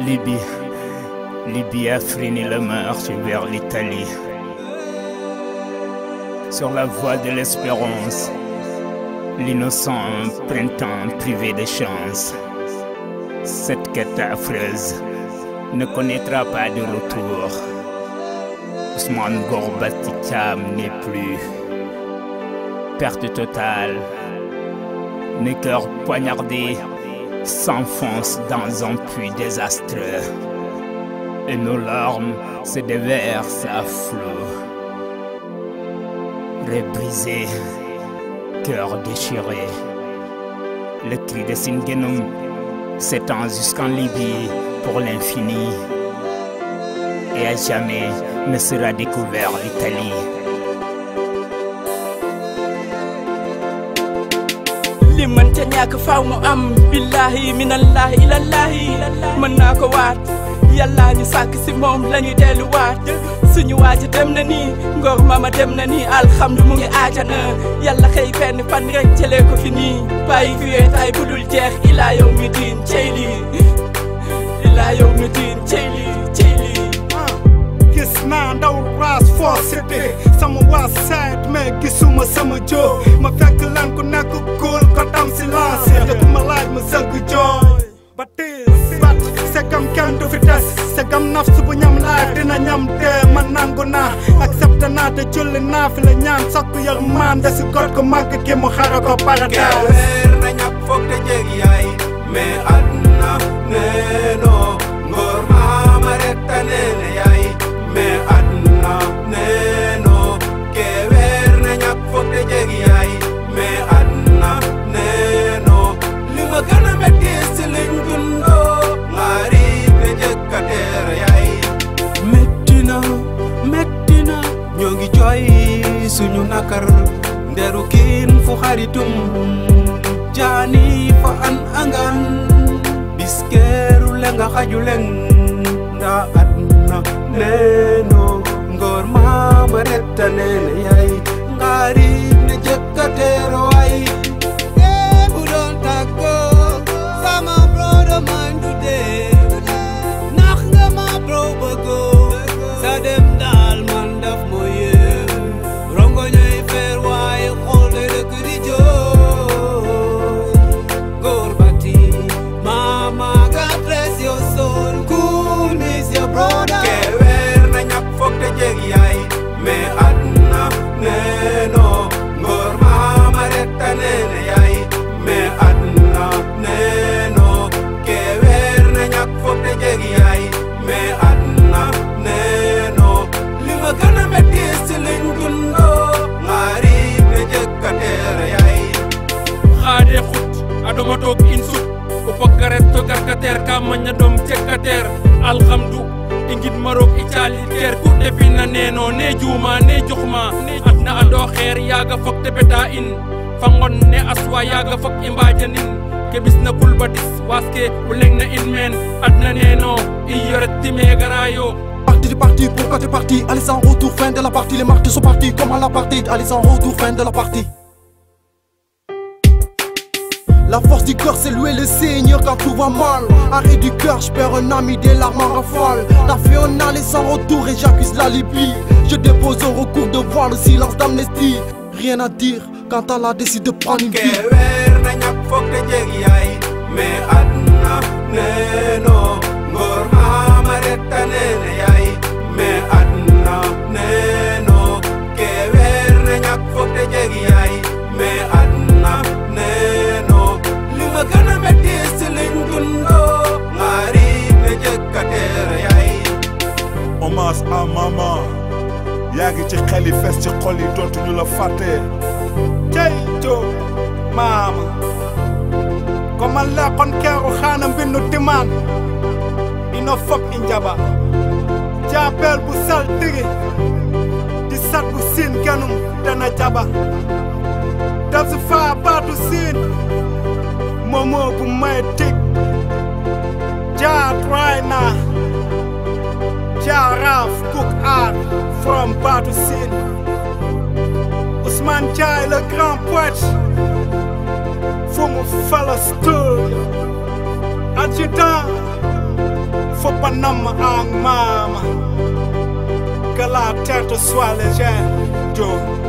Libye. Libye a freiné le marche vers l'Italie. Sur la voie de l'espérance, l'innocent printemps privé de chance. Cette quête ne connaîtra pas de retour. Ousmane Gorbaticham n'est plus. Perte totale. Mes cœurs poignardés s'enfonce dans un puits désastreux. Et nos larmes se déversent à flot. brisés, cœur déchiré, le cri de Singenum s'étend jusqu'en Libye pour l'infini. Et à jamais ne sera découvert l'Italie. li mën ca ñàkk faaw mu am billaahi minallaahi ilallaahi mën naa ko waat yàllaa ñu sàkk si moom la ñuy delluwaat suñu waaja dem na nii ngor mama dem na nii alxamdu mu ngi aajana yàlla xëy benn fan rek jëlee ko fi nii bàyyi kuyee bu dul jeex ilaa yow mi diin cey lii this man don't rise for city Someone was sad man kisuma sama jo Mafakalan ko na ko cool katam silas Yata kumalaj mazang ko joy But this But sekam kyan do fitas Sekam nafsu po nyam lai dina nyam te manango na Accept na te chuli na fila nyam Sok ko yag man da su kot ko magka kimo haro ko paradise Kewer na nyak fok te jegi ay Me adna ne no fu xaritum jaani fa an nga biskeeru lenga xaju leng nda adna leen ker ku defi na neenoo ne juuma ne jox ma at na adoo xeer yaaga fog te beta in fa ne aswa yaaga fog i mbaajanin ke bis na kulbatis waske u leng na in meen at na neenoo i yoretti meegaraayo parti du parti, pourquoi t'es parti Allez en retour, fin de la partie, les marques sont partis comment la partie allez en retour, fin de la partie la force du cœur, c'est louer le Seigneur quand tout va mal. Arrêt du cœur, je perds un ami, des larmes en rafale. T'as fait un aller sans retour et j'accuse la Libye. Je dépose un recours de voir le silence d'amnestie. Rien à dire quand elle a décidé de prendre une vie. pense à yaa ngi ci xel yi fees ci xol yi dootuñu la cey joo maama ko man laa kon keeru xaana mbinnu timaan ino fob i njaba jaabeel bu sal tigi di sat bu siin genum dana jaba daf faa baatu siin moomoo bu may tig jaa raay naa Jaraf cook art from Batoussine. Usman Diaye le grand poète faut mu falastool adjudant faut pas namm ak maama que la tête soit légère Joe